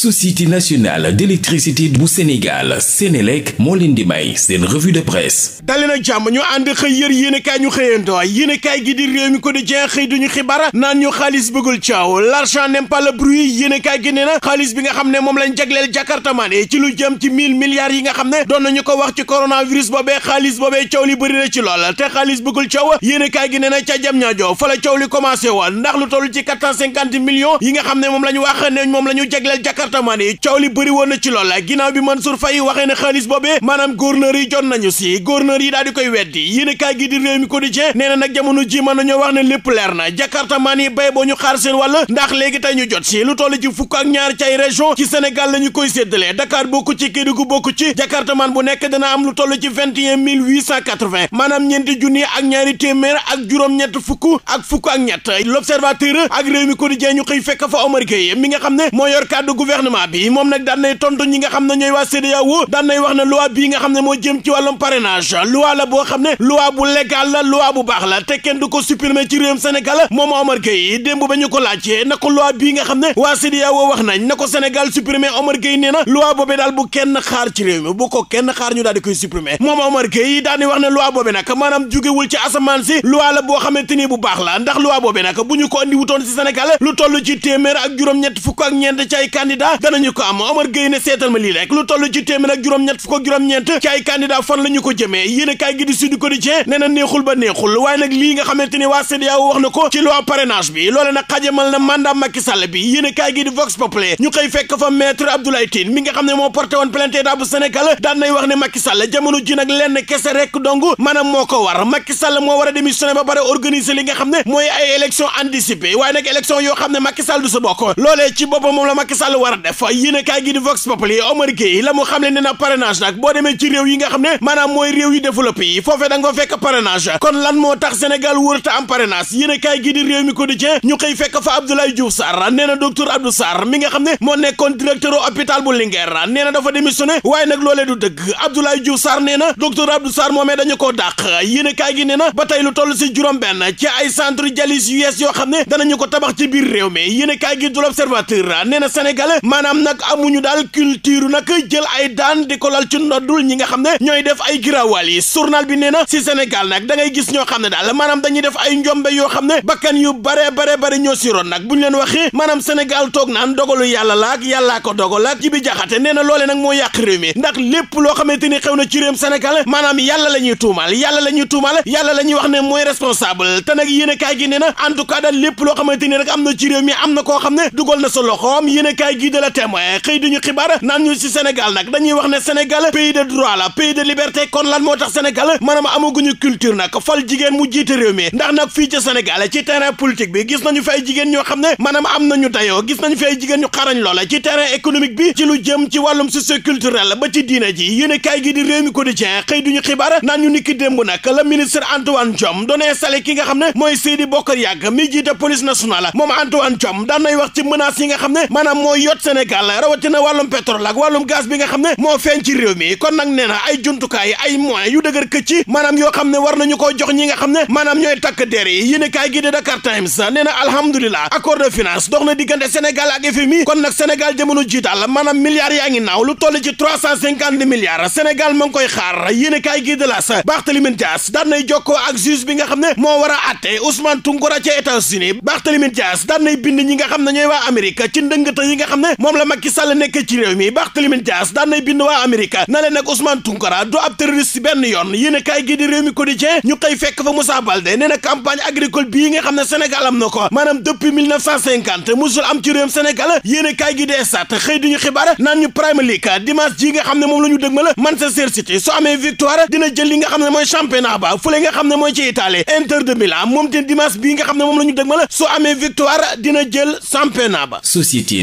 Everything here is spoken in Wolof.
société nationale d'électricité bu Sénégal Sénélec moo leen di may seen revue de presse dali na jàmm ñu ànd xëy yër yéenekaay ñu xëyandoo yéenekaay gi di réew mi ko di jeex xëy duñu xibaar naan ñu xaalis bëggul caaw l'argent n'aime pas le bruit yéenekaay gi nee na xaalis bi nga xam ne moom lañ jagleel jakartamaan ci lu jëm ci mille yi nga xam ne doon nañu ko wax ci coronavirus boobee xaalis boobee coow li bëri na ci lool te xaalis bëggul ca jam ñaajo nga xam ne moom la ñu wax ne moom atamane yi coow li bëri woon na ci lool ginnaaw bi Mansour Faye waxee ne xaalis boobee maanaam gouverneur yi jot nañu si gouverneur yi daal koy weddi yéen kaay gi di réew mi quotidien nee nag jamono ji mën wax ne lépp leer na jakartamaan yi bay boo ñu xaar seen wàll ndax léegi tey ñu jot si lu toll ci fukk ak ñaar ci ay ci Sénégal la ñu koy séddale Dakar bokku ci Kédougou bokku ci jakartamaan bu nekk dana am lu toll ci vingt ñeenti junni ak ñaari téeméer ak juróom gouvernement bi moom a daan nay tontu ñi nga xam ne ñooy waa CEDEAO daan nay wax ne loi la la loi bu baax la te kenn du ko supprimer ci réewum Sénégal moom ba ñu ko laajee na ko loi bii nga xam e e na ko Sénégal supprimer Omar Gueye nee na loi boobee daal bu kenn xaar ci réew mi bu ko kenn xaar ñu daal di koy supprimer moom Omar Gueye asamaan si loi la boo xamante ni bu baax la ndax loi boobee nag bu ñu ko andi si Sénégal lu toll ci téeméer ak juróom-ñett fukk ñeent ci ay candidat candidat danañu ko am Omar Gueye seetal ma lii rek lu toll ci téeméer ak juróom-ñett fukk ak juróom-ñeent ci ay candidat fan la ko jëmee yéen a kaay gi di Sud Quotidien nee na neexul ba neexul waaye nag lii nga xamante ni waa CEDEAO wax na ko ci loi parrainage bi loole nag xajamal na mandat Macky Sall bi yéen a kaay gi di Vox Populi ñu xëy fekk fa maître Abdoulaye Tine mi nga xam ne moo porté woon plainte état nay wax ne Macky Sall jamono ji nag ko war Macky a démissionné ba pare organiser li doon def yéen a kaay gi di Vox Populi Omar Gueye la mu xam le ne réew yi nga xam ne maanaam mooy réew yu développé yi foofee da nga fa fekk parrainage kon lan moo a kaay gi di réew mi quotidien ñu xëy fekk fa Abdoulaye Diouf na docteur Abdou Sarr nga xam ne moo nekkoon directeur hôpital bu Linguère nee na dafa démissionné waaye nag loolee du dëgg Abdoulaye Diouf Sarr nee na docteur Abdou Sarr a kaay na toll si juróom benn ay centre dialyse yoo xam ne danañu ko tabax ci biir réew mi yéen a kaay maanaam nag amuñu daal culture nag jël ay daan di ko lal ci ndoddul ñi nga xam ne ñooy def ay giraawal yi journal bi nee na si Sénégal nag dangay gis ñoo xam ne daal maanaam dañuy def ay njombe yoo xam ne bakkan yu bare bare bare ñoo si nag bu ñu leen waxee maanaam Sénégal toog naan dogalu yàlla laak yàllaa ko dogal ak ji bi jaxate nee na loole nag moo yàq réew mi ndax lépp loo xamante ni xew na ci réewum Sénégal maanaam yàlla la ñuy tuumal yàlla la ñuy tuumal yàlla la ñuy wax ne mooy responsable te nag yéen a kaay na en tout cas lépp loo xamante ni am na ci réew mi am na koo xam ne dugal na sa loxoom yéen a de la témoin xëy duñu xibaar naan ñu ci Sénégal nag dañuy wax ne Sénégal pays de droit la pays de liberté kon lan moo tax Sénégal maanaam amaguñu am nañu dayoo gis nañu fi ay jigéen ñu xarañ loola ci terrain économique bi ci lu jëm ci wàllum socioculturel ba ci diine ji yéen kaay gi di réew mi quotidien xëy duñu xibaar naan ñu niki démb nag la ministre Antoine Diome doonee sale ki nga xam ne mooy Seydi Bokar Yàgg mi jiite police nationale moom Antoine toj Sénégal rawatina wàllum pétrole ak wàllum gaz bi nga xam ne moo feeñ ci réew mi kon nag nee na ay jumtukaay ay moyens yu dëgër këcc ci maanaam yoo xam ne war na nañu koo jox ñi nga xam ne maanaam ñooy takk der yi yéen kaay gi de Dakar Times nee na alhamdulilah accord de finance dox na diggante Sénégal ak FMI kon nag Sénégal jamono ji daal maanaam yaa ngi naaw lu toll ci trois cent cinquante milliards Sénégal ma ngi koy xaar yéen kaay gi de L'As Barthélémy Dias daan nay nga xam ne moo war a atte Ousmane Tounkara ñi nga xam ne ñooy nga xam ne moom la Macky Sall nekkee ci réew mi Barthélémy Dias daan nay bind waa Amérique na leen nag Ousmane Tounkara ab terroriste benn yoon yéen a kaay gi di réew mi quotidien ñu xëy fekk fa Moussa Baldé nee na campagne agricole bii nga xam ne Sénégal am na ko maanaam depuis 1950 musul am ci réewum Sénégal yéen a kaay gi di estat xëy duñu xibaar naan ñu Premier League dimanche ji nga xam ne moom la ñu dëgmal Manchester City su amee victoire dina jël li nga xam ne mooy championnat ba fële nga xam ne mooy ci Italie Inter de Milan moom te dimanche bii nga xam ne moom la ñu dëgmal su amee victoire dina jël championnat ba société